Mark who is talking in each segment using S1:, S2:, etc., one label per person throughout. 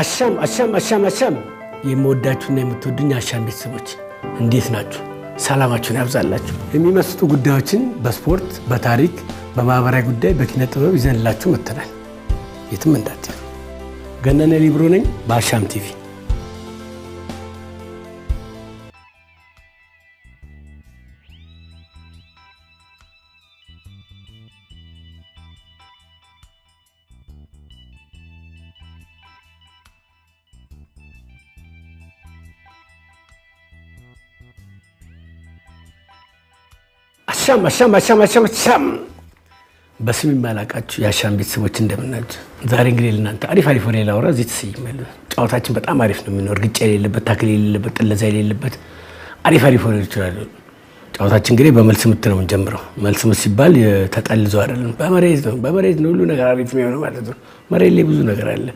S1: አሻም አሻም አሻም አሻም የምወዳችሁና የምትወዱኝ አሻም ቤተሰቦች እንዴት ናችሁ? ሰላማችሁን ያብዛላችሁ። የሚመስጡ ጉዳዮችን በስፖርት፣ በታሪክ፣ በማህበራዊ ጉዳይ፣ በኪነ ጥበብ ይዘንላችሁ መተናል የትም እንዳት ገነነ ሊብሮ ነኝ በአሻም ቲቪ አሻም አሻም አሻም አሻም አሻም በስም የማላቃችሁ የአሻም ቤተሰቦች እንደምናችሁ። ዛሬ እንግዲህ ለእናንተ አሪፍ አሪፍ ወሬ ላውራ። እዚህ ተሰይመል ጨዋታችን በጣም አሪፍ ነው የሚሆነው። እርግጫ የሌለበት፣ ታክል የሌለበት፣ ጥለዛ የሌለበት አሪፍ አሪፍ ወሬ ይችላሉ። ጨዋታችን እንግዲህ በመልስ ምት ነው የምንጀምረው። መልስ ምት ሲባል ተጠልዞ አይደለም፣ በመሬት ነው። በመሬት ነው ሁሉ ነገር አሪፍ የሚሆነው ማለት ነው። መሬት ላይ ብዙ ነገር አለ።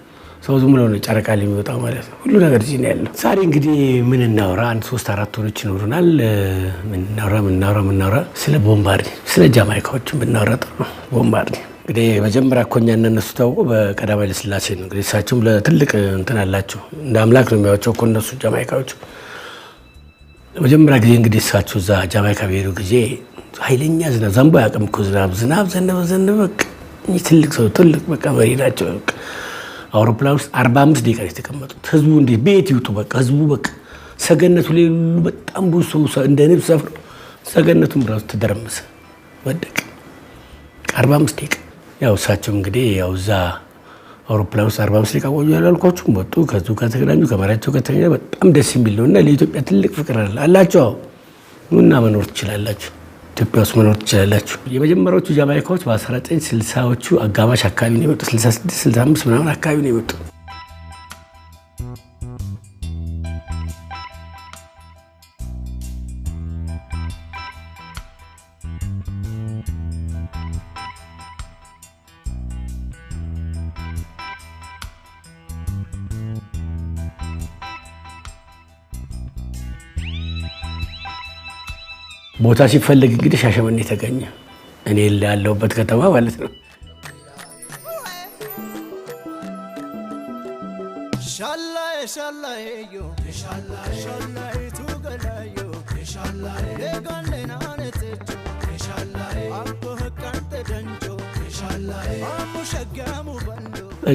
S1: ሰው ዝም ብሎ ነው ጨረቃ የሚወጣ ማለት ነው። ሁሉ ነገር እዚህ ነው ያለው። ዛሬ እንግዲህ ምን እናውራ? አንድ ሶስት አራት ወሮች ይኖሩናል። ምናውራ ምናውራ ምናውራ ስለ ቦምባርዲ ስለ ጃማይካዎች ብናውራ ጥሩ ነው። ቦምባርዲ እንግዲህ መጀመሪያ እኮ እኛ እነሱ ታውቆ በቀዳማዊ ኃይለ ሥላሴ ነው። እንግዲህ እሳቸውም ለትልቅ እንትን አላቸው። እንደ አምላክ ነው የሚያቸው እኮ እነሱ ጃማይካዎች። ለመጀመሪያ ጊዜ እንግዲህ እሳቸው እዛ ጃማይካ በሄዱ ጊዜ ኃይለኛ ዝናብ ዘንቦ ያቅም እኮ ዝናብ ዝናብ ዘነበ ዘነበ። ትልቅ ሰው ትልቅ በቃ መሪ ናቸው። አውሮፕላን ውስጥ 45 ደቂቃ ነው የተቀመጡት። ህዝቡ እንዴት ቤት ይውጡ። በቃ ህዝቡ በቃ ሰገነቱ ሌሉ በጣም ብዙ ሰው እንደ ንብ ሰፍሮ ሰገነቱም ራሱ ተደረመሰ፣ ወደቀ። 45 ደቂቃ ያው እሳቸው እንግዲህ ያው እዛ አውሮፕላን ውስጥ 45 ደቂቃ ቆዩ ያላልኳችሁም ወጡ። ከዙ ከተገናኙ ከመሪያቸው ከተገናኙ በጣም ደስ የሚል ነው እና ለኢትዮጵያ ትልቅ ፍቅር አላቸው እና መኖር ትችላላችሁ። ኢትዮጵያ ውስጥ መኖር ትችላላችሁ። የመጀመሪያዎቹ ጃማይካዎች በ1960ዎቹ አጋማሽ አካባቢ ነው የመጡ 66 65 ምናምን አካባቢ ነው የመጡ ቦታ ሲፈለግ እንግዲህ ሻሸመኔ ተገኘ። እኔ ላለሁበት ከተማ ማለት ነው።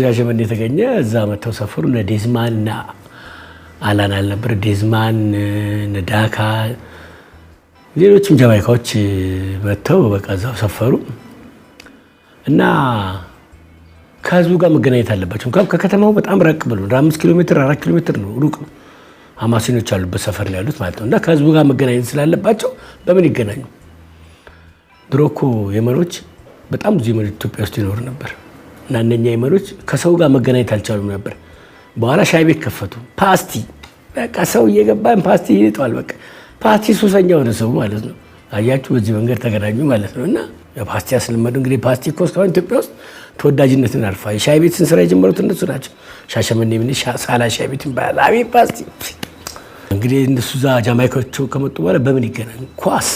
S1: ሻሸመኔ የተገኘ እዛ መጥተው ሰፈሩ እነ ዴዝማን እና አላን አልነበር ዴዝማን እነ ዳካ ሌሎችም ጀማይካዎች መጥተው በቃ እዛው ሰፈሩ እና ከህዝቡ ጋር መገናኘት አለባቸው። ከከተማው በጣም ራቅ ብሎ አምስት ኪሎ ሜትር አራት ኪሎ ሜትር ነው ሩቅ ነው። አማሲኖች ሰፈር ላይ ያሉት ማለት ነው። እና ከህዝቡ ጋር መገናኘት ስላለባቸው በምን ይገናኙ? ድሮ እኮ የመኖች በጣም ብዙ የመኖች ኢትዮጵያ ውስጥ ይኖሩ ነበር። እና እነኛ የመኖች ከሰው ጋር መገናኘት አልቻሉም ነበር። በኋላ ሻይ ቤት ከፈቱ። ፓስቲ በቃ ሰው እየገባን ፓስቲ ይልጠዋል በቃ ፓስቲ ሱሰኛ የሆነ ሰው ማለት ነው። አያችሁ በዚህ መንገድ ተገናኙ ማለት ነው። እና ፓስቲ ያስለመዱ እንግዲህ ፓስቲ እኮ እስካሁን ኢትዮጵያ ውስጥ ተወዳጅነትን አልፋ የሻይ ቤትን ስራ የጀመሩት እነሱ ናቸው። ሻሸመኔ ምን ሳላ ሻይ ቤት ይባላል። አቤት ፓስቲ እንግዲህ እነሱ እዛ ጃማይካዎቹ ከመጡ በኋላ በምን ይገናኝ? ኳስ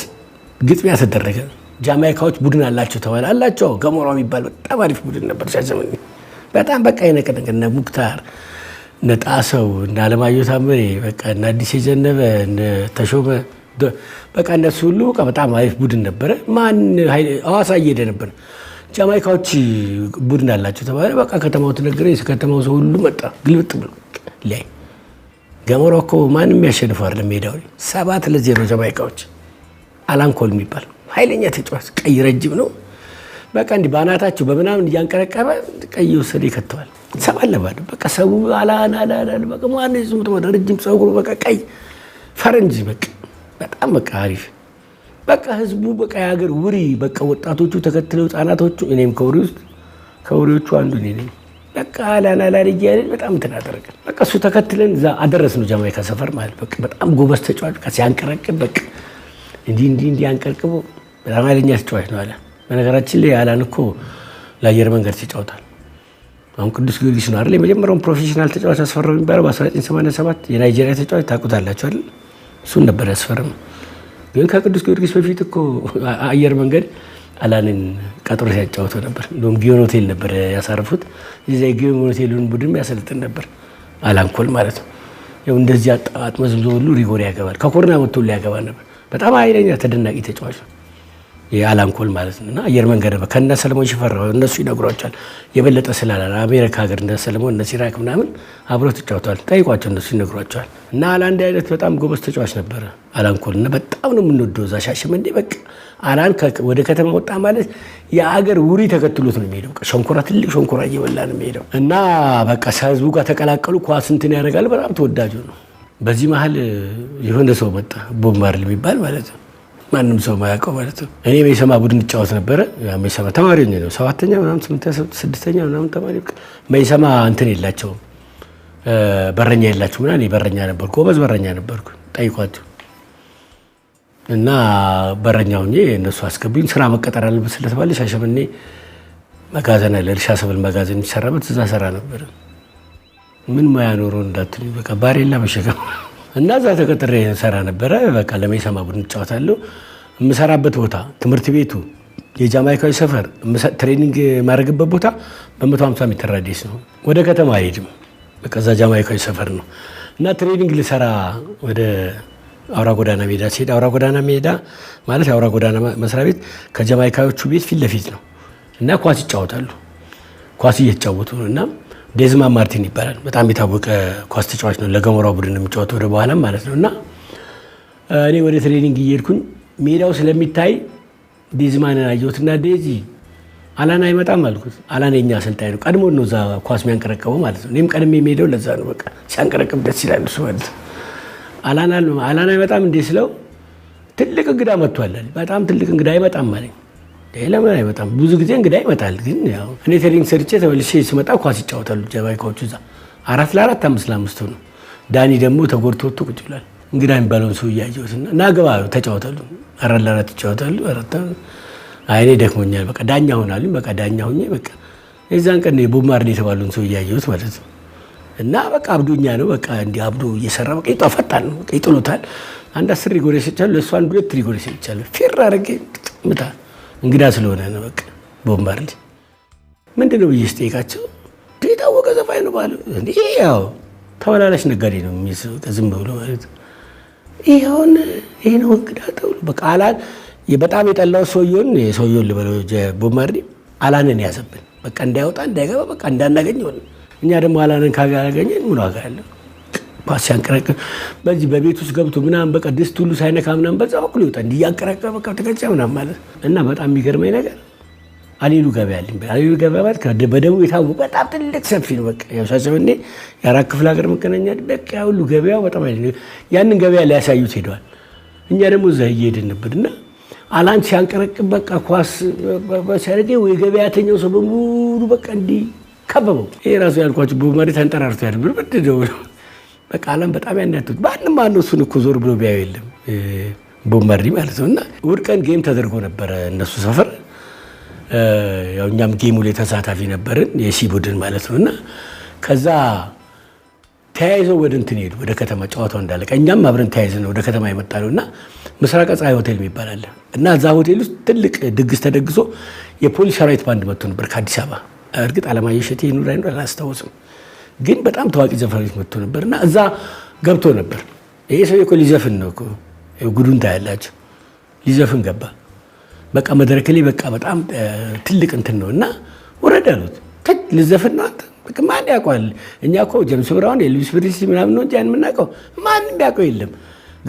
S1: ግጥሚያ ተደረገ። ጃማይካዎች ቡድን አላቸው ተባለ። አላቸው ገሞራ የሚባል በጣም አሪፍ ቡድን ነበር ሻሸመኔ። በጣም በቃ ይነቀነቀ ሙክታር እነ ጣሰው እነ አለማየሁ ታምሬ በቃ እነ አዲስ የጀነበ እነ ተሾመ በቃ እነሱ ሁሉ በቃ በጣም አሪፍ ቡድን ነበረ። ማን ሐዋሳ እየሄደ ነበር። ጃማይካዎች ቡድን አላቸው ተባለ። በቃ ከተማው ተነገረ። ከተማው ሰው ሁሉ መጣ ግልብጥ ብሎ ላይ ገሞራ እኮ ማንም ያሸንፉ አይደለም። ሜዳው ሰባት ለዜሮ ጃማይካዎች። ኮል የሚባል ኃይለኛ ተጫዋች ቀይ ረጅም ነው። በቃ እንዲህ በአናታቸው በምናምን እያንቀረቀበ ቀይ ወሰደ ይከተዋል። ትሰባለባለህ። በቃ ሰው አላን በቃ ማን ይዙት ወደ ረጅም ጸጉሩ በቃ ቀይ ፈረንጅ በቃ በጣም በቃ አሪፍ በቃ ህዝቡ በቃ የሀገር ውሪ በቃ ወጣቶቹ ተከትለው ህጻናቶቹ እኔም ከውሪ ውስጥ ከውሪዎቹ አንዱ እኔ ነኝ። በቃ ላላላል እያለን በጣም እንትን በቃ እሱ ተከትለን እዛ አደረስ ነው ጃማይካ ሰፈር ማለት በቃ በጣም ጎበዝ ተጫዋች በቃ ሲያንቀረቅብ በቃ እንዲህ እንዲህ እንዲህ አንቀርቅቦ በጣም ተጫዋች ነው አለ። በነገራችን ላይ አላን እኮ ለአየር መንገድ አሁን ቅዱስ ጊዮርጊስ ነው አይደል? የመጀመሪያውን ፕሮፌሽናል ተጫዋች አስፈረው የሚባለው በ1987 የናይጄሪያ ተጫዋች ታውቁታላችሁ አይደል? እሱን ነበር ያስፈረም። ግን ከቅዱስ ጊዮርጊስ በፊት እኮ አየር መንገድ አላንን ቀጥሮ ሲያጫወተው ነበር። እንደውም ጊዮን ሆቴል ነበር ያሳርፉት። እዚያ ጊዮን ሆቴሉን ቡድን ያሰልጥን ነበር አላንኮል ማለት ነው። ያው እንደዚህ አጥመዝምዞ ሁሉ ሪጎር ያገባል። ከኮርና ወጥቶ ያገባል ነበር። በጣም ኃይለኛ ተደናቂ ተጫዋች ነው። የአላንኮል ማለት ነው እና አየር መንገድ ከነ ሰለሞን ሽፈራው እነሱ ይነግሯቸዋል። የበለጠ ስላላል አሜሪካ ሀገር እነ ሰለሞን እነ ሲራክ ምናምን አብረው ተጫውተዋል። ጠይቋቸው፣ እነሱ ይነግሯቸዋል። እና አላንድ አይነት በጣም ጎበዝ ተጫዋች ነበረ አላንኮል እና በጣም ነው የምንወደው እዛ ሻሸመኔ። በቃ አላን ወደ ከተማ ወጣ ማለት የአገር ውሪ ተከትሎት ነው የሚሄደው። ሸንኮራ፣ ትልቅ ሸንኮራ እየበላ ነው የሚሄደው እና በቃ ከህዝቡ ጋር ተቀላቀሉ። ኳስ እንትን ያደርጋል። በጣም ተወዳጁ ነው። በዚህ መሀል የሆነ ሰው መጣ፣ ቦብ የሚባል ማለት ነው ማንም ሰው ማያውቀው ማለት ነው። እኔ ሜሰማ ቡድን እጫወት ነበረ። ሜሰማ ተማሪ ነው ሰባተኛ ምናምን ስድስተኛ ምናምን ተማሪ ሜሰማ እንትን የላቸውም በረኛ የላቸው ምና በረኛ ነበር፣ ጎበዝ በረኛ ነበርኩ። ጠይቋቸው እና በረኛው ሁኜ እነሱ አስገቡኝ። ስራ መቀጠር አለበት ስለተባለ ሻሸመኔ መጋዘን አለ፣ እርሻ ሰብል መጋዘን የሚሰራበት እዛ ሰራ ነበር። ምን ሙያ ኖሮ እንዳትሉኝ፣ በቃ ባሬላ መሸከም እና እዛ ተቀጥሬ ሰራ ነበረ። በቃ ለመይሰማ ቡድን እጫወታለሁ። የምሰራበት ቦታ ትምህርት ቤቱ የጃማይካዊ ሰፈር ትሬኒንግ የማደርግበት ቦታ በ150 ሜትር ራዲየስ ነው። ወደ ከተማ አይሄድም። በቃ እዛ ጃማይካዊ ሰፈር ነው እና ትሬኒንግ ልሰራ ወደ አውራ ጎዳና ሜዳ ሲሄድ አውራ ጎዳና ሜዳ ማለት የአውራ ጎዳና መስሪያ ቤት ከጃማይካዎቹ ቤት ፊት ለፊት ነው እና ኳስ ይጫወታሉ። ኳስ እየተጫወቱ ነው እና ዴዝማ ማርቲን ይባላል። በጣም የታወቀ ኳስ ተጫዋች ነው። ለገሞራ ቡድን የሚጫወት ወደ በኋላም ማለት ነው። እና እኔ ወደ ትሬኒንግ እየሄድኩኝ ሜዳው ስለሚታይ ዴዝማን አየሁት እና ዴዚ አላን አይመጣም አልኩት። አላን የኛ አሰልጣኝ ነው። ቀድሞ ነው እዛ ኳስ የሚያንቀረቀበው ማለት ነው። እኔም ቀድሜ የሚሄደው ለዛ ነው። በቃ ሲያንቀረቅብ ደስ ይላል እሱ ማለት ነው። አላን አይመጣም እንዴ ስለው ትልቅ እንግዳ መጥቷል። በጣም ትልቅ እንግዳ አይመጣም አለኝ። ለምን አይመጣም? ብዙ ጊዜ እንግዳ ይመጣል። ግን ያው እኔ ትሬኒንግ ሰርቼ ተመልሼ ስመጣ ኳስ ይጫወታሉ ጀማይካዎቹ እዛ አራት ለአራት አምስት ለአምስት ነው። ዳኒ ደግሞ ተጎድቶ ወጥቶ ቁጭ ብሏል። እንግዳ የሚባለውን ሰው እያየሁት እና ና ግባ ተጫወታሉ። አራት ለአራት ይጫወታሉ። አይኔ ደክሞኛል፣ በቃ ዳኛ ሆናሉ። በቃ ዳኛ ሆኜ በቃ የዛን ቀን ቦብ ማርሌ የተባለውን ሰው እያየሁት ማለት ነው እና በቃ አብዶኛ ነው። በቃ እንዲህ አብዶ እየሰራ በቃ ይጧ ፈጣን ነው። ይጥሎታል። አንድ አስር ሪጎሬ ሰጥቻለሁ። ለእሱ አንድ ሁለት ሪጎሬ ሰጥቻለሁ። ፌር አድርጌ ምታ እንግዳ ስለሆነ ነው። በቃ ቦምባርድ ምንድን ነው ብዬ ስጠይቃቸው የታወቀ ዘፋኝ ነው ባለ ያው ተመላላሽ ነጋዴ ነው የሚስ ዝም ብሎ ማለት ይሁን ይህ ነው እንግዳ ተብሎ በቃ አላን በጣም የጠላው ሰውየውን ሰውየውን ልበለው ቦምባርድ አላንን ያዘብን በቃ እንዳይወጣ እንዳይገባ በቃ እንዳናገኝ ሆነ። እኛ ደግሞ አላንን ካገኘን ምን ዋጋ ያለው ኳስ ሲያንቀረቅር በዚህ በቤት ውስጥ ገብቶ ምናምን በቃ ድስት ሁሉ ሳይነካ ምናምን በዛ በኩል ይወጣ እንዲህ እያንቀረቀረ በቃ ተቀጨ ምናምን ማለት እና በጣም የሚገርመኝ ነገር አሌሉ ገበያ አለኝ። አሌሉ ገበያ ማለት በደቡብ የታወቀ በጣም ትልቅ ሰፊ ነው። በቃ ያው ሳሰብኔ የአራት ክፍለ ሀገር መገናኛ በቃ ሁሉ ገበያው በጣም ያንን ገበያ ሊያሳዩት ሄደዋል። እኛ ደግሞ እዛ እየሄድን ነበር እና አላንድ ሲያንቀረቅብ በቃ ኳስ ሲያደርግ የገበያተኛው ሰው በሙሉ በቃ እንዲህ ከበበው። ይሄ ራሱ ያልኳቸው በመሬት አንጠራርቶ ያድብር ብድደው ነው በቃ አለም በጣም ያናቱት ማንም አለ እሱን እኮ ዞር ብሎ ቢያዩ የለም ቦመሪ ማለት ነው። እና እሑድ ቀን ጌም ተደርጎ ነበረ እነሱ ሰፈር፣ ያው እኛም ጌሙ ላይ ተሳታፊ ነበርን የሲ ቡድን ማለት ነው። እና ከዛ ተያይዘው ወደ እንትን ሄዱ ወደ ከተማ ጨዋታው እንዳለቀ እኛም አብረን ተያይዘ ነው ወደ ከተማ የመጣ ነው እና ምስራቀ ፀሐይ ሆቴል የሚባል አለ እና እዛ ሆቴል ውስጥ ትልቅ ድግስ ተደግሶ የፖሊስ ሰራዊት ባንድ መጥቶ ነበር ከአዲስ አበባ። እርግጥ አለማየሁ እሸቴ ይኑር አይኑር አላስታውስም። ግን በጣም ታዋቂ ዘፋኞች መጥቶ ነበር እና እዛ ገብቶ ነበር። ይሄ ሰው እኮ ሊዘፍን ነው እኮ ጉዱን ታያላችሁ። ሊዘፍን ገባ። በቃ መድረክ ላይ በቃ በጣም ትልቅ እንትን ነው እና ወረድ አሉት። ልዘፍን ነው አንተ ማን ያውቀዋል? እኛ እኮ ጀምስ ብራውን የልብስ ብሪስ ምናምን ነው እንጂ ያን የምናውቀው ማንም ያውቀው የለም።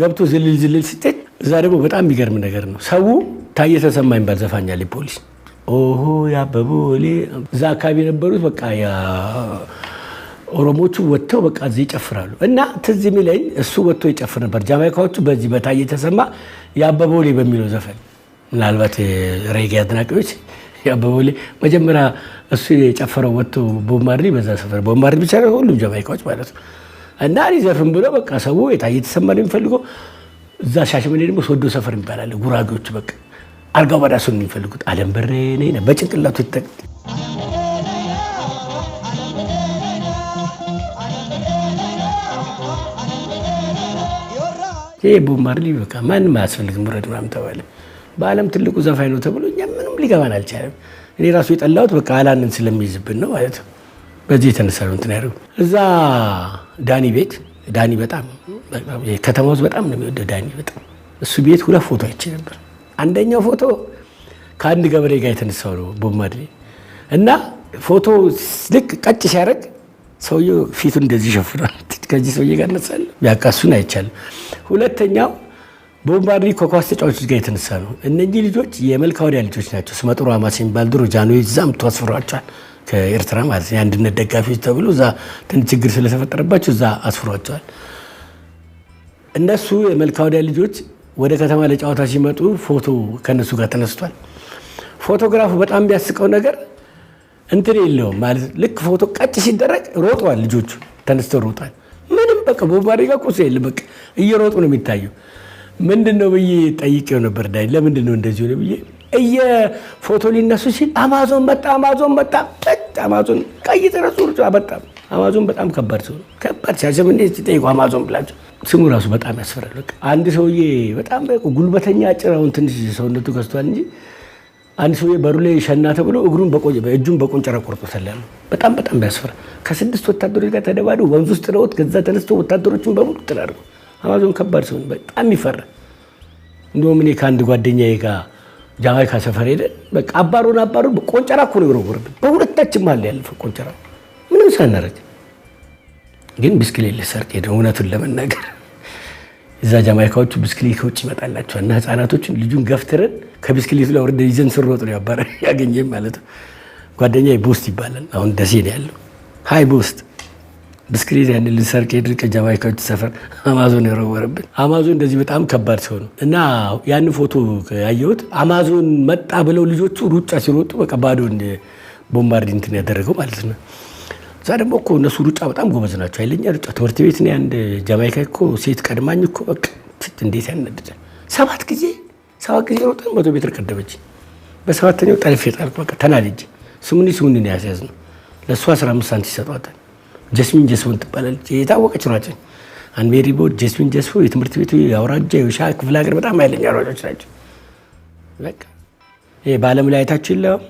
S1: ገብቶ ዝልል ዝልል ስትሄድ እዛ ደግሞ በጣም የሚገርም ነገር ነው። ሰው ታየ ተሰማ የሚባል ዘፋኝ አለ ፖሊስ ኦሆ ያበቡ እዛ አካባቢ የነበሩት በቃ ኦሮሞቹ ወጥተው በቃ እዚህ ይጨፍራሉ እና ትዝ የሚለኝ እሱ ወጥቶ ይጨፍር ነበር። ጃማይካዎቹ በዚህ በታዬ ተሰማ የአበበውሌ በሚለው ዘፈን ምናልባት ሬጌ አድናቂዎች የአበበውሌ መጀመሪያ እሱ የጨፈረው ወጥቶ ቦብ በዛ ሰፈር ቦብ ብቻ ነው ሁሉም ጃማይካዎች ማለት ነው እና ዘፍን ብሎ በቃ ሰው የታዬ ተሰማ ነው የሚፈልገው። እዛ ሻሸመኔ ደግሞ ሶዶ ሰፈር ይባላል ጉራጌዎቹ በቃ አልጋው ባዳሱ የሚፈልጉት አለም በሬ ነ በጭንቅላቱ ይጠቅ ይሄ ቦብ ማርሊ በቃ ማንም አያስፈልግም ውረድ ምናምን ተባለ። በዓለም ትልቁ ዘፋኝ ነው ተብሎ እኛ ምንም ሊገባን አልቻለም። እኔ ራሱ የጠላሁት በቃ አላንን ስለሚይዝብን ነው ማለት ነው። በዚህ የተነሳ ነው እንትን ያደርጉ እዛ ዳኒ ቤት ዳኒ በጣም ከተማ ውስጥ በጣም ነው የሚወደው ዳኒ በጣም እሱ ቤት ሁለት ፎቶ አይቼ ነበር። አንደኛው ፎቶ ከአንድ ገበሬ ጋር የተነሳው ነው ቦብ ማርሊ እና ፎቶ ልክ ቀጭ ሲያደርግ ሰውየው ፊቱን እንደዚህ ይሸፍናል። ከዚህ ሰውዬ ጋር እነሳለሁ በቃ አይቻልም። ሁለተኛው ቦምባርዲ ኮኳስ ተጫዋቾች ጋር የተነሳ ነው። እነኚህ ልጆች የመልካ ወዲያ ልጆች ናቸው። ስመጥሩ አማስ የሚባል ድሮ ጃኖ ዛም ተዋስፍሯቸዋል ከኤርትራ ማለት ነው። የአንድነት ደጋፊዎች ተብሎ እዛ ትን ችግር ስለተፈጠረባቸው እዛ አስፍሯቸዋል። እነሱ የመልካ ወዲያ ልጆች ወደ ከተማ ለጨዋታ ሲመጡ ፎቶ ከነሱ ጋር ተነስቷል። ፎቶግራፉ በጣም ቢያስቀው ነገር እንትን የለውም ማለት ልክ ፎቶ ቀጭ ሲደረግ ሮጧል። ልጆቹ ተነስተው ሮጧል። ምንም በቃ ቦምባሬ ቁስ የለም። በቃ እየሮጡ ነው የሚታየው። ምንድን ነው ብዬ ጠይቄው ነበር ዳይ ለምንድን ነው እንደዚህ ሆነ ብዬ እየፎቶ ሊነሱ ሲል አማዞን መጣ፣ አማዞን መጣ፣ አማዞን ቀይ ተረሱ መጣ። አማዞን በጣም ከባድ ሰው ነው። ከባድ ሲያስብ እንዴት ሲጠይቁ አማዞን ብላቸው ስሙ ራሱ በጣም ያስፈራል። በቃ አንድ ሰውዬ በጣም ጉልበተኛ ጭራውን ትንሽ ሰውነቱ ገዝቷል እንጂ አንድ ሰውዬ በሩ ላይ ሸና ተብሎ እግሩን በእጁን በቆንጨራ ቆርጦታል። በጣም በጣም ያስፈራል። ከስድስት ወታደሮች ጋር ተደባዱ ወንዝ ውስጥ ለወት ከዛ ተነስቶ ወታደሮቹን በሙሉ ጥላርጉ አማዞን ከባድ ሰውን በጣም ይፈራ። እንደውም እኔ ከአንድ ጓደኛዬ ጋር ጃማይካ ሰፈር ሄደ። በቃ አባሩን አባሩን ቆንጨራ እኮ ነው የወረወረብን። በሁለታችን ማለ ያለፈ ቆንጨራ ምንም ሳናረጅ ግን ብስክሌት ልሰርቅ ሄደ። እውነቱን ለመናገር እዛ ጃማይካዎቹ ብስክሌት ከውጭ ይመጣላቸዋል እና ህፃናቶችን ልጁን ገፍትረን ከብስክሌቱ ላይ ወርደን ይዘን ስሮጥ ነው ያባረ ያገኘ ማለት ነው። ጓደኛዬ ቦስት ይባላል። አሁን ደሴ ነው ያለው ሀይ ውስጥ ብስክሌት ያን ልሰርቅ የድር ቀጃባይካዎች ሰፈር አማዞን የረወረብን አማዞን እንደዚህ በጣም ከባድ ሰው ነው እና ያን ፎቶ ያየሁት አማዞን መጣ ብለው ልጆቹ ሩጫ ሲሮጡ በቃ ባዶ ቦምባርድ እንትን ያደረገው ማለት ነው። እዛ ደግሞ እኮ እነሱ ሩጫ በጣም ጎበዝ ናቸው። አይለኛ ሩጫ ትምህርት ቤት ነው። ያንድ ጃማይካ እኮ ሴት ቀድማኝ እኮ በቃ እንዴት ያናድዳል። ሰባት ጊዜ ሰባት ጊዜ ሮጠን መቶ ሜትር ቀደመች። በሰባተኛው ጠልፌ ጣልኩ። በቃ ተናድጄ ስሙኒ ስሙኒ ነው ያስያዝ ነው ለእሷ 15 ሳንቲም ይሰጧታል። ጀስሚን ጀስፎን ትባላለች። የታወቀች አን ሜሪ ቦርድ ጀስሚን ጀስፎ የትምህርት ቤቱ የአውራጃ የሻ ክፍለ ሀገር በጣም ኃይለኛ ሯጮች ናቸው። ይሄ በዓለም ላይ አይታችሁ የለም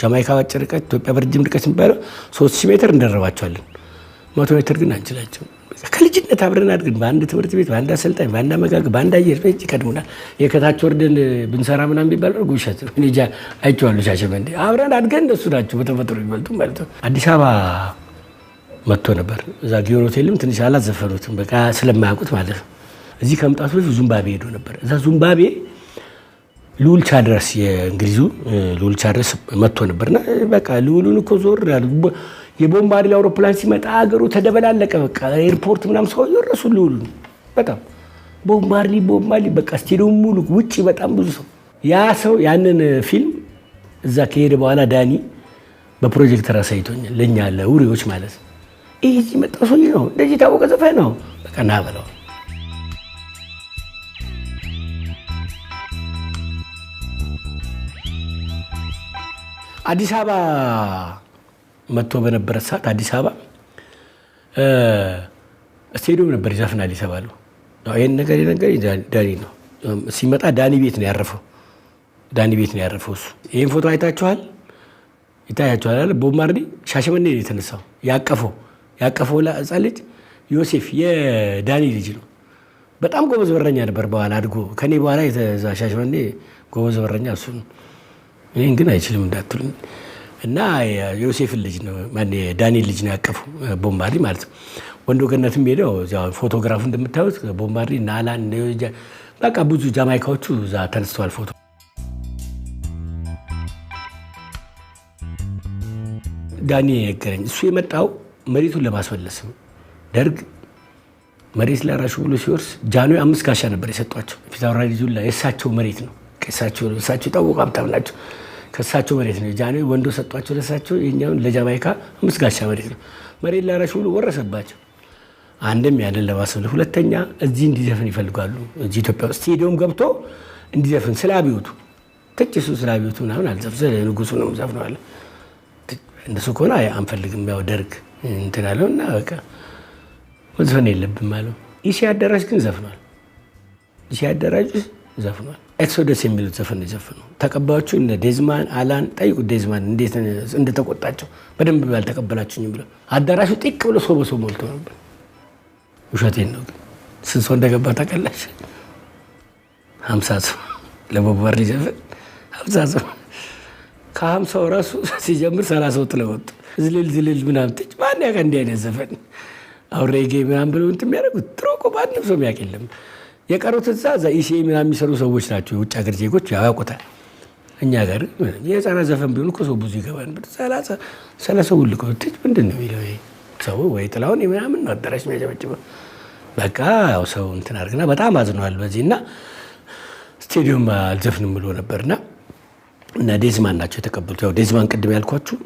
S1: ጃማይካ በአጭር ርቀት፣ ኢትዮጵያ በረጅም ርቀት የሚባለው 3000 ሜትር እንደረባቸዋለን። መቶ ሜትር ግን አንችላቸው። ከልጅነት አብረን አድግን በአንድ ትምህርት ቤት፣ በአንድ አሰልጣኝ፣ በአንድ አመጋገብ፣ በአንድ አየር ቤት ይቀድሙና የከታች ወርደን ብንሰራ ምናምን ቢባል ጉሸት ነው። እኔ አይቼዋለሁ። ሻሸመኔ አብረን አድገን እነሱ ናቸው በተፈጥሮ የሚበልጡ ማለት ነው። አዲስ አበባ መጥቶ ነበር። እዛ ጊዮን ሆቴልም ትንሽ አላዘፈኑትም፣ በቃ ስለማያውቁት ማለት ነው። እዚህ ከመምጣቱ በፊት ዙምባቤ ሄዶ ነበር። እዛ ዙምባቤ ልዑል ቻድረስ የእንግሊዙ ልዑል ቻድረስ መጥቶ ነበርና በቃ ልዑሉን እኮ ዞር ያሉት የቦምባርድ አውሮፕላን ሲመጣ ሀገሩ ተደበላለቀ። በቃ ኤርፖርት ምናም ሰው የረሱል ሁሉ በጣም ቦምባርድ ቦምባርድ በቃ ስቴዲየም ሙሉ ውጭ በጣም ብዙ ሰው ያ ሰው ያንን ፊልም እዛ ከሄደ በኋላ ዳኒ በፕሮጀክተር አሳይቶኛል። ለእኛ ለውሬዎች ማለት ይህ እዚህ መጣ ሰውዬ ነው እንደዚህ የታወቀ ዘፋኝ ነው። በቃ ና በለው አዲስ አበባ መጥቶ በነበረ ሰዓት አዲስ አበባ ስቴዲየም ነበር ይዘፍናል አዲስ አበባ ነው። ይህን ነገር የነገር ዳኒ ነው። ሲመጣ ዳኒ ቤት ነው ያረፈው። ዳኒ ቤት ነው ያረፈው እሱ። ይህን ፎቶ አይታችኋል፣ ይታያችኋል አለ ቦብ ማርሊ ሻሸመኔ ነው የተነሳው። ያቀፈው ያቀፈው ሕፃን ልጅ ዮሴፍ የዳኒ ልጅ ነው። በጣም ጎበዝ በረኛ ነበር። በኋላ አድጎ ከኔ በኋላ የተዛ ሻሸመኔ ጎበዝ በረኛ እሱ። ይህን ግን አይችልም እንዳትሉኝ። እና ዮሴፍን ልጅ ነው ዳንኤል ልጅ ነው ያቀፉ ቦምባሪ ማለት ነው። ወንዶ ገነትም ሄደው ፎቶግራፉ እንደምታዩት ቦምባሪ እና አላን በቃ ብዙ ጃማይካዎቹ እዛ ተነስተዋል ፎቶ ዳኒ የነገረኝ እሱ የመጣው መሬቱን ለማስመለስ ነው። ደርግ መሬት ላራሹ ብሎ ሲወርስ ጃኖ አምስት ጋሻ ነበር የሰጧቸው። ፊታውራሪ ዙላ የእሳቸው መሬት ነው። እሳቸው የታወቁ ሀብታም ናቸው። ከእሳቸው መሬት ነው። ጃንሆይ ወንዶ ሰጧቸው ለእሳቸው፣ ይኸኛውን ለጃማይካ አምስት ጋሻ መሬት ነው። መሬት ላራሽ ሁሉ ወረሰባቸው። አንድም ያንን ለማሰብ ሁለተኛ እዚህ እንዲዘፍን ይፈልጋሉ። እዚህ ኢትዮጵያ ውስጥ ስቴዲዮም ገብቶ እንዲዘፍን ስለ አብዮቱ ትች እሱ ስለ አብዮቱ ምናምን አልዘፍዘ ንጉሱ ነው ዘፍነው አለ። እንደሱ ከሆነ አንፈልግም፣ ያው ደርግ እንትን አለው እና በቃ መዝፈን የለብም አለው። ኢሲያ አዳራሽ ግን ዘፍኗል። ኢሲያ አዳራሽ ዘፍኗል። ኤክሶደስ የሚሉት ዘፈን የዘፈኑ ተቀባዮቹ እነ ዴዝማን አላን ጠይቁ። ዴዝማን እንዴት እንደተቆጣቸው በደንብ ያልተቀበላችሁኝ ብለው አዳራሹ ጢቅ ብሎ ሰው በሰው ሞልቶ ነበር። ውሸቴን ነው ግን ስንት ሰው እንደገባ ታውቃለች? ሀምሳ ሰው ለቦብ ማርሊ ዘፈን ሀምሳ ሰው ከሀምሳው ራሱ ሲጀምር ሰላሳ ሰው ጥለወጡ ዝልል ዝልል ምናምን ትጭ ማን ያውቃል እንዲህ አይነት ዘፈን አውሬጌ ሬጌ ምናምን ብለው እንትን የሚያደርጉት ጥሩ እኮ ማንም ሰው የሚያውቅ የለም። የቀሩት እዛ እዛ ኢሲኤ ምናምን የሚሰሩ ሰዎች ናቸው። የውጭ ሀገር ዜጎች ያውቁታል። እኛ ጋር የህፃናት ዘፈን ቢሆን እኮ ሰው ብዙ ይገባል። ሰለሰው ልቀው ትጅ ምንድን ነው የሚለው ሰው ወይ ጥላሁን ምናምን ነው አዳራሽ የሚያጨበጭበው። በቃ ያው ሰው እንትን አድርግና በጣም አዝነዋል በዚህ እና ስቴዲዮም አልዘፍንም ብሎ ነበርና እና ዴዝማን ናቸው የተቀበሉት። ያው ዴዝማን ቅድም ያልኳችሁ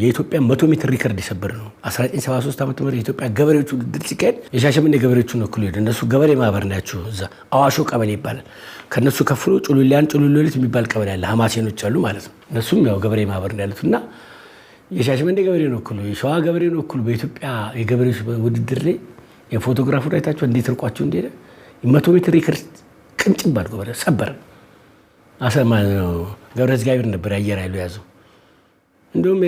S1: የኢትዮጵያ መቶ ሜትር ሪከርድ የሰበር ነው። 1973 ዓ ም የኢትዮጵያ ገበሬዎች ውድድር ሲካሄድ የሻሸመኔ ገበሬዎቹን ወክሎ ሄደ። እነሱ ገበሬ ማህበር ናቸው። እዛ አዋሾ ቀበሌ ይባላል። ከእነሱ ከፍሎ ጩሉሊያን ጩሉሊት የሚባል ቀበሌ አለ። ሀማሴኖች አሉ ማለት ነው። እነሱም ያው ገበሬ ማህበር ነው ያሉት እና የሻሸመኔ ገበሬን ወክሎ የሸዋ ገበሬን ወክሎ በኢትዮጵያ የገበሬዎች ውድድር ላይ የፎቶግራፉ ዳይታቸው እንዴት ርቋቸው እንደሄደ መቶ ሜትር ሪከርድ ቅንጭብ አድርጎ ሰበረ አሰማ ነው ገብረ እግዚአብሔር ነበር የአየር ኃይሉ ያዘው። እንዲሁም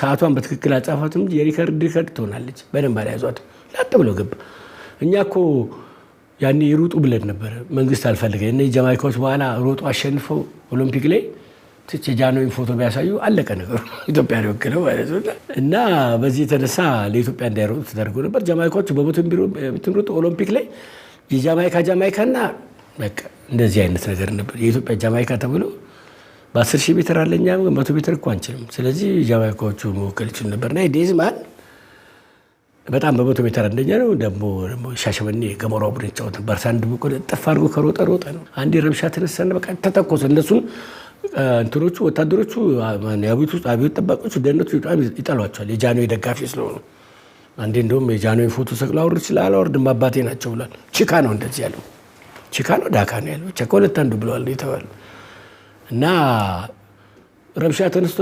S1: ሰዓቷን በትክክል አጻፋትም የሪከርድ ሪከርድ ትሆናለች። በደንብ አልያዟት ላጥ ብሎ ገባ። እኛ እኮ ያኔ ይሩጡ ብለን ነበር። መንግስት አልፈልገ እነ ጀማይካዎች በኋላ ሮጡ አሸንፈው ኦሎምፒክ ላይ ትቼ ጃንሆይን ፎቶ ቢያሳዩ አለቀ ነገሩ። ኢትዮጵያ ወክለው ማለት እና በዚህ የተነሳ ለኢትዮጵያ እንዳይሮጡ ተደርጎ ነበር። ጃማይካዎቹ በቡትንሩጥ ኦሎምፒክ ላይ የጃማይካ ጃማይካ እና እንደዚህ አይነት ነገር ነበር የኢትዮጵያ ጃማይካ ተብሎ በአስር ሺህ ሜትር አለ እኛም መቶ ሜትር እኮ አንችልም። ስለዚህ ጃማይካዎቹ መወከል ይችሉ ነበር እና ዴዝማን በጣም በመቶ ሜትር አንደኛ ነው። ደግሞ ሻሸመኔ ገሞራ ቡድን ጫወት ነበር። ሳንድ ብቆ ጥፍ አድርጎ ከሮጠ ሮጠ ነው። አንድ ረብሻ ተነሳና በቃ ተተኮሰ። እነሱን እንትኖቹ ወታደሮቹ አብዮት ጠባቂዎቹ ደህንነቱ በጣም ይጠሏቸዋል፣ የጃኖ ደጋፊ ስለሆኑ። አንዴ እንደውም የጃኖ ፎቶ ሰቅሎ አውርድ ስለ አላወርድም አባቴ ናቸው ብሏል። ቺካ ነው እንደዚህ ያለው ቺካ ነው ዳካ ነው ያለው ሁለት አንዱ ብለዋል የተባለው እና ረብሻ ተነስቶ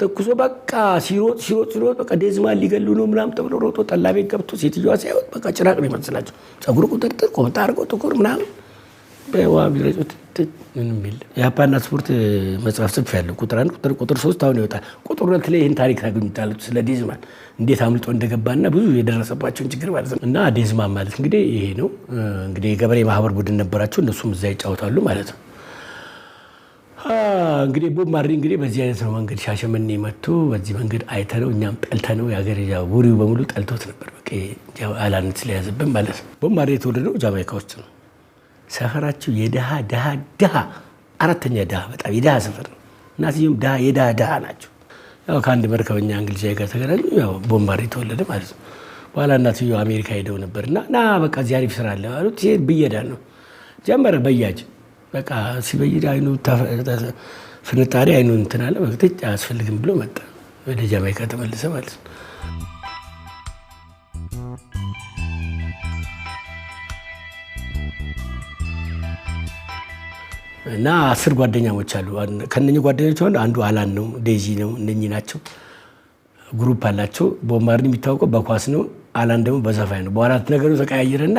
S1: ተኩሶ በቃ ሲሮጥ ሲሮጥ ሲሮጥ በቃ ዴዝማን ሊገሉ ነው ምናምን ተብሎ ሮጦ ጠላ ቤት ገብቶ ሴትዮዋ ሳይወጥ በቃ ጭራቅ ነው ይመስላቸው። ጸጉሩ ቁጥርጥር ቆምጣ አርጎ ጥቁር ምናምን በዋ ቢረጩት የአፓና ስፖርት መጽሐፍ ጽፍ ያለው ቁጥር አንድ ቁጥር ቁጥር ሶስት አሁን ይወጣል። ቁጥር ሁለት ላይ ይህን ታሪክ ታገኙታለች። ስለ ዴዝማን እንዴት አምልጦ እንደገባና ብዙ የደረሰባቸውን ችግር ማለት ነው። እና ዴዝማን ማለት እንግዲህ ይሄ ነው። እንግዲህ የገበሬ ማህበር ቡድን ነበራቸው። እነሱም እዛ ይጫወታሉ ማለት ነው። እንግዲህ ቦብ ማርሊ እንግዲህ በዚህ አይነት ነው መንገድ ሻሸመኔ መጥቶ በዚህ መንገድ አይተነው እኛም ጠልተነው የሀገር ውሪው በሙሉ ጠልቶት ነበር። አላነት ስለያዘብን ማለት ነው። ቦብ ማርሊ የተወለደው ጃማይካ ውስጥ ነው። ሰፈራቸው የድሃ ድሃ ድሃ አራተኛ ድሃ በጣም የድሃ ሰፈር ነው። እናትየውም ድሃ የድሃ ድሃ ናቸው። ያው ከአንድ መርከበኛ እንግሊዛዊ ጋር ተገናኙ። ያው ቦብ ማርሊ የተወለደ ማለት ነው። በኋላ እናትየው አሜሪካ ሄደው ነበር እና ና በቃ እዚህ አሪፍ ስራ አለ አሉት። ብየዳ ነው ጀመረ በያጅ በቃ ሲበይድ አይኑ ፍንጣሪ አይኑ እንትናለ መግጠጭ አያስፈልግም ብሎ መጣ ወደ ጃማይካ ተመልሰ ማለት ነው። እና አስር ጓደኛሞች አሉ። ከነኚህ ጓደኞች ሆን አንዱ አላን ነው፣ ዴዚ ነው። እነኚህ ናቸው ግሩፕ አላቸው። ቦማርን የሚታወቀው በኳስ ነው። አላን ደግሞ በዘፋኝ ነው። በአራት ነገሩ ተቀያየረና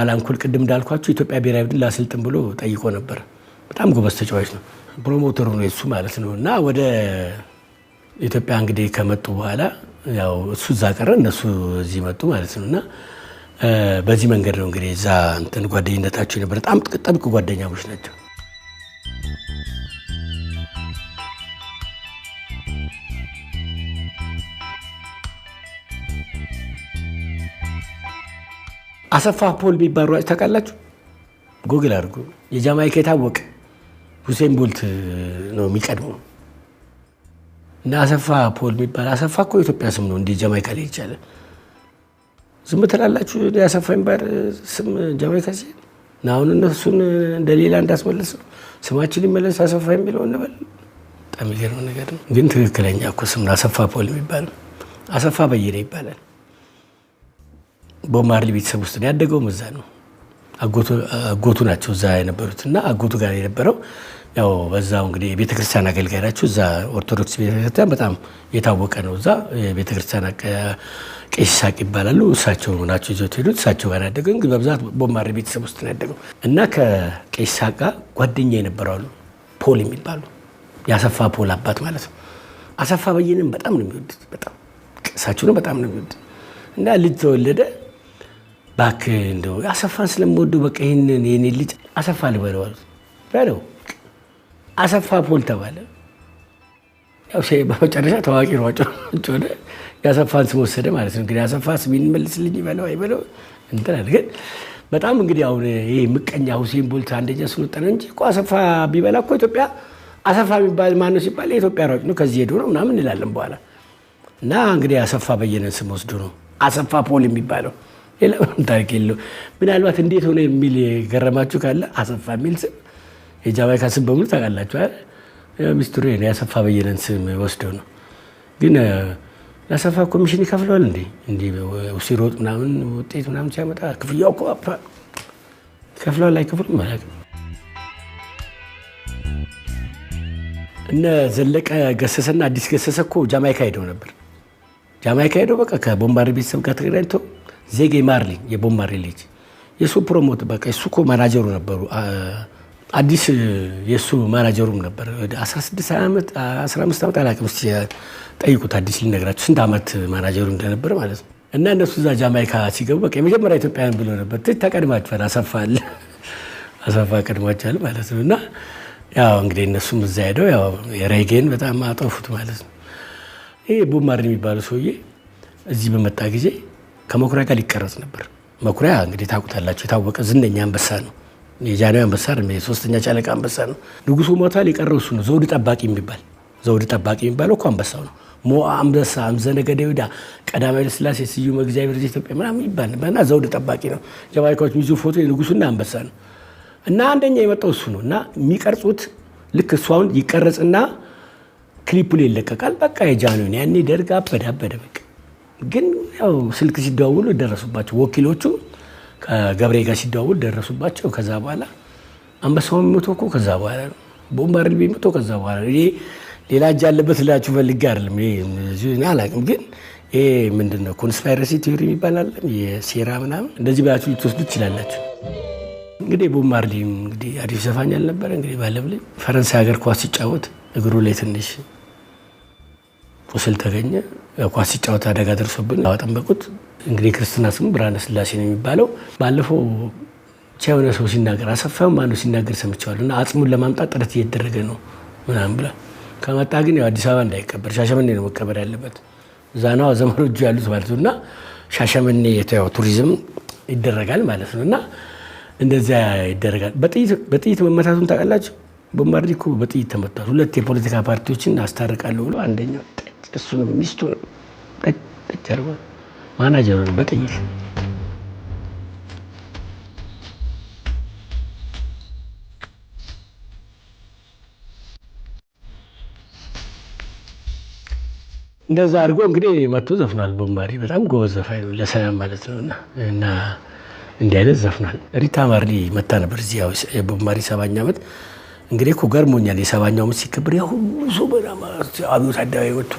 S1: አላንኩል ቅድም እንዳልኳቸው ኢትዮጵያ ብሔራዊ ቡድን ላሰልጥን ብሎ ጠይቆ ነበር። በጣም ጎበዝ ተጫዋች ነው፣ ፕሮሞተሩ ነው የሱ ማለት ነው። እና ወደ ኢትዮጵያ እንግዲህ ከመጡ በኋላ ያው እሱ እዛ ቀረ፣ እነሱ እዚህ መጡ ማለት ነው። እና በዚህ መንገድ ነው እንግዲህ እዛ እንትን ጓደኝነታቸው ነበር። በጣም ጥብቅ ጓደኛሞች ናቸው። አሰፋ ፖል የሚባል ሯጭ ታውቃላችሁ? ጉግል አድርጎ የጃማይካ የታወቀ ሁሴን ቦልት ነው የሚቀድመው እና አሰፋ ፖል የሚባል አሰፋ እኮ የኢትዮጵያ ስም ነው። እንዲ ጃማይካ ላይ ይቻለ ዝም ትላላችሁ። አሰፋ የሚባል ስም ጃማይካ ሲ እና አሁን እነሱን እንደሌላ እንዳስመለስ ስማችን ይመለስ አሰፋ የሚለው እንበል። በጣም የሚገርም ነገር ነው ግን ትክክለኛ እኮ ስም ነው። አሰፋ ፖል የሚባል አሰፋ በየነ ይባላል። በማርሊ ቤተሰብ ውስጥ ያደገው ያደገውም እዛ ነው። አጎቱ ናቸው እዛ የነበሩት እና አጎቱ ጋር የነበረው ያው በዛው እንግዲህ የቤተክርስቲያን አገልጋይ ናቸው። እዛ ኦርቶዶክስ ቤተክርስቲያን በጣም የታወቀ ነው። እዛ የቤተክርስቲያን ቄስ ይስሐቅ ይባላሉ። እሳቸው ናቸው ይዞት ሄዱት። እሳቸው ጋር ያደገው እንግዲህ በብዛት ቦማሪ ቤተሰብ ውስጥ ነው ያደገው እና ከቄስ ይስሐቅ ጋር ጓደኛ የነበረዋሉ ፖል የሚባሉ የአሰፋ ፖል አባት ማለት ነው። አሰፋ በየነም በጣም ነው የሚወዱት። በጣም ቄሳቸው ነው በጣም ነው የሚወዱት እና ልጅ ተወለደ። እባክህ እንደው አሰፋን ስለምወደው በቃ ይህንን የኔ ልጅ አሰፋ ልበለው አሉት። በለው አሰፋ ፖል ተባለ። ያው በመጨረሻ ታዋቂ ሯጭ ሆነ። የአሰፋን ስም ወሰደ ማለት ነው። እንግዲህ አሰፋ ስሜን መልስልኝ በለው አይበለው እንትን ግን በጣም እንግዲህ አሁን ይህ ምቀኛ ሁሴን ቦልት አንደኛ ስንወጣ እንጂ እኮ አሰፋ ቢበላ እኮ ኢትዮጵያ አሰፋ የሚባል ማነው ሲባል የኢትዮጵያ ሯጭ ነው ከዚህ ሄዱ ነው ምናምን እንላለን በኋላ እና እንግዲህ አሰፋ በየነን ስም ወስዱ ነው አሰፋ ፖል የሚባለው። ሌላ ምንም ታሪክ የለው። ምናልባት እንዴት ሆነ የሚል የገረማችሁ ካለ አሰፋ የሚል ስም የጃማይካ ስም በሙሉ ታውቃላችሁ። ሚስትሩ የአሰፋ በየነን ስም ወስደው ነው። ግን ለአሰፋ ኮሚሽን ይከፍለዋል እንዴ? እንዲህ ሲሮጥ ምናምን ውጤት ምናምን ሲያመጣ ክፍያው እኮ ከፍለዋል አይከፍልም ማለት ነው። እነ ዘለቀ ገሰሰና አዲስ ገሰሰ እኮ ጃማይካ ሄደው ነበር። ጃማይካ ሄደው በቃ ከቦምባሪ ቤተሰብ ጋር ተገናኝተው ዜጌ ማርሊ የቦብ ማርሊ ልጅ የእሱ ፕሮሞት በቃ እሱ እኮ ማናጀሩ ነበሩ። አዲስ የእሱ ማናጀሩም ነበር። 16 ዓመት 15 ዓመት አላውቅም። እስኪ ጠይቁት፣ አዲስ ሊነግራቸው ስንት ዓመት ማናጀሩ እንደነበረ ማለት ነው። እና እነሱ እዛ ጃማይካ ሲገቡ በቃ የመጀመሪያ ኢትዮጵያያን ብሎ ነበር። ትች ተቀድማችኋል፣ አሰፋል አሰፋ ቀድሟችኋል ማለት ነው። እና ያው እንግዲህ እነሱም እዛ ሄደው ያው የሬጌን በጣም አጠፉት ማለት ነው። ይሄ ቦብ ማርሊ የሚባለው ሰውዬ እዚህ በመጣ ጊዜ ከመኩሪያ ጋር ሊቀረጽ ነበር። መኩሪያ እንግዲህ ታውቁታላችሁ፣ የታወቀ ዝነኛ አንበሳ ነው። የጃንሆይ አንበሳ የሶስተኛ ሻለቃ አንበሳ ነው። ንጉሱ ሞታ ሊቀረው እሱ ነው። ዘውድ ጠባቂ የሚባል ዘውድ ጠባቂ የሚባለው እኮ አንበሳው ነው። ሞ አንበሳ አምዘ ነገደ ይሁዳ ቀዳማዊ ኃይለ ሥላሴ ስዩም እግዚአብሔር ኢትዮጵያ ምናምን ይባል ነበርና ዘውድ ጠባቂ ነው። ጀማይካዎች ሚዙ ፎቶ የንጉሱና አንበሳ ነው። እና አንደኛ የመጣው እሱ ነው። እና የሚቀርጹት ልክ እሱ አሁን ይቀረጽና ክሊፑ ላይ ይለቀቃል። በቃ የጃንሆይን ያኔ ደርግ አበደ አበደ በቃ ግን ያው ስልክ ሲደዋውሉ ደረሱባቸው። ወኪሎቹ ከገብሬ ጋር ሲደዋውል ደረሱባቸው። ከዛ በኋላ አንበሳው የሚሞተው እኮ ከዛ በኋላ ነው። ቦምባርል የሚሞተው ከዛ በኋላ ነው። ይሄ ሌላ እጅ ያለበት ላችሁ ፈልጌ አይደለም። ይሄ አላውቅም፣ ግን ይሄ ምንድን ነው ኮንስፓይረሲ ቲዮሪ የሚባል የሴራ ምናምን እንደዚህ ብላችሁ ልትወስዱ ትችላላችሁ። እንግዲህ ቦምባርሊ እንግዲህ አዲሱ ዘፋኝ አልነበረ እንግዲህ ባለብልኝ ፈረንሳይ ሀገር ኳስ ሲጫወት እግሩ ላይ ትንሽ ቁስል ተገኘ። ኳስ ሲጫወት አደጋ ደርሶብን አጠበቁት እንግዲህ ክርስትና ስሙ ብርሃነ ስላሴ ነው የሚባለው። ባለፈው ብቻ የሆነ ሰው ሲናገር አሰፋም አንዱ ሲናገር ሰምቼዋለሁ እና አጽሙን ለማምጣት ጥረት እየተደረገ ነው ምናምን ብላ ከመጣ ግን ያው አዲስ አበባ እንዳይቀበር ሻሸመኔ ነው መቀበር ያለበት። እዛ ነው ዘመዶቹ ያሉት ማለት ነው። እና ሻሸመኔ የተያው ቱሪዝም ይደረጋል ማለት ነው። እና እንደዚያ ይደረጋል። በጥይት መመታቱን ታውቃላችሁ። ቦምባርዲ እኮ በጥይት ተመቷል። ሁለት የፖለቲካ ፓርቲዎችን አስታርቃለሁ ብሎ አንደኛው እሱን ሚስቱን ጠጨርጎ ማናጀሩን በጥይት እንደዛ አድርጎ እንግዲህ መጥቶ ዘፍኗል። ቦምባሪ በጣም ጎበዝ ዘፋኝ ነው፣ ለሰላም ማለት ነው። እና እንዲህ አይነት ዘፍኗል። ሪታ ማርሊ መታ ነበር እዚህ ቦምባሪ ሰባኛ ዓመት እንግዲህ እኮ ገርሞኛል። የሰባኛው ዓመት ሲከብር የሁሉ ሰው በጣም አብዮት አደባባይ ወጥቶ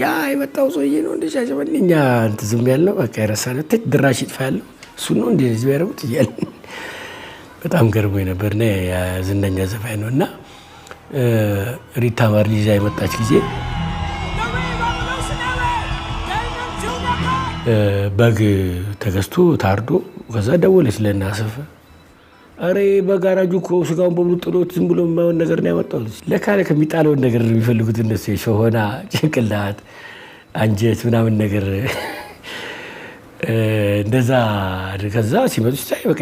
S1: ያ የመጣው ሰውዬ ነው እንደ ሻሸመኔ እኛ እንትን ዝም ያልነው በቃ የረሳነው ትች ድራሽ ይጥፋ ያለው እሱ ነው እንደ ህዝብ ያደረጉት እያለ በጣም ገርሞኝ ነበር። እና ዝነኛ ዘፋኝ ነው እና ሪታ ማርሊ ይዛ የመጣች ጊዜ በግ ተገዝቶ ታርዶ ከዛ ደወለች ለእነ አሬ በጋራጁ እኮ ስጋውን በሙሉ ጥሎት ዝም ብሎ የማይሆን ነገር ነው ያመጣው። ለካ ከሚጣለውን ነገር የሚፈልጉት እነሱ የሸሆና ጭንቅላት፣ አንጀት ምናምን ነገር እንደዛ። ከዛ ሲመጡ ሲታይ በቃ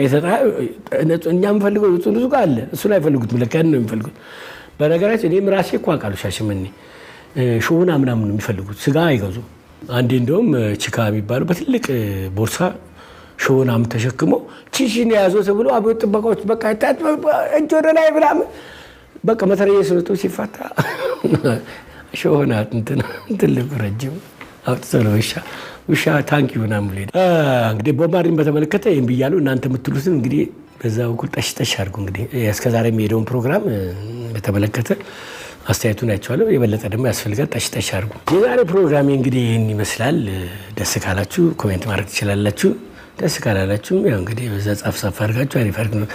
S1: እኛ የምፈልገው ንጹህ ንጹህ አለ እሱን አይፈልጉትም። ለካ ነው የሚፈልጉት። በነገራችን እኔም ራሴ እኮ አውቃለሁ። ሻሸመኔ ሾሆና ምናምን የሚፈልጉት ስጋ አይገዙም። አንዴ እንደውም ችካ የሚባለው በትልቅ ቦርሳ ሾናም ተሸክሞ ቺሺን የያዘው ተብሎ አብዮት ጥበቃዎች በቃ እጅ ወደ ላይ በቃ መተረየ ስመጡ ሲፋታ ሾሆናት ትልቅ ረጅም አውጥቶ ለውሻ ውሻ ታንክ ሆና ሙሌ እንግዲህ ቦማሪን በተመለከተ ይህም ብያሉ እናንተ የምትሉትን እንግዲህ በዛ በኩል ጠሽጠሽ አድርጉ። እንግዲህ እስከዛሬ የሚሄደውን ፕሮግራም በተመለከተ አስተያየቱን ያቸዋለሁ። የበለጠ ደግሞ ያስፈልጋል። ጠሽጠሽ አድርጉ። የዛሬ ፕሮግራሜ እንግዲህ ይህን ይመስላል። ደስ ካላችሁ ኮሜንት ማድረግ ትችላላችሁ። ደስ ካላላችሁም ያው እንግዲህ በዛ ጻፍ ጻፍ አድርጋችሁ አሪፍ አድርግ ነው።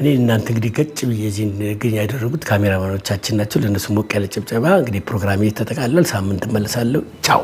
S1: እኔ እናንተ እንግዲህ ገጭ ብዬ እዚህ እንገኝ ያደረጉት ካሜራማኖቻችን ናቸው። ለእነሱ ሞቅ ያለ ጭብጨባ። እንግዲህ ፕሮግራሜ ተጠቃልሏል። ሳምንት እመለሳለሁ። ቻው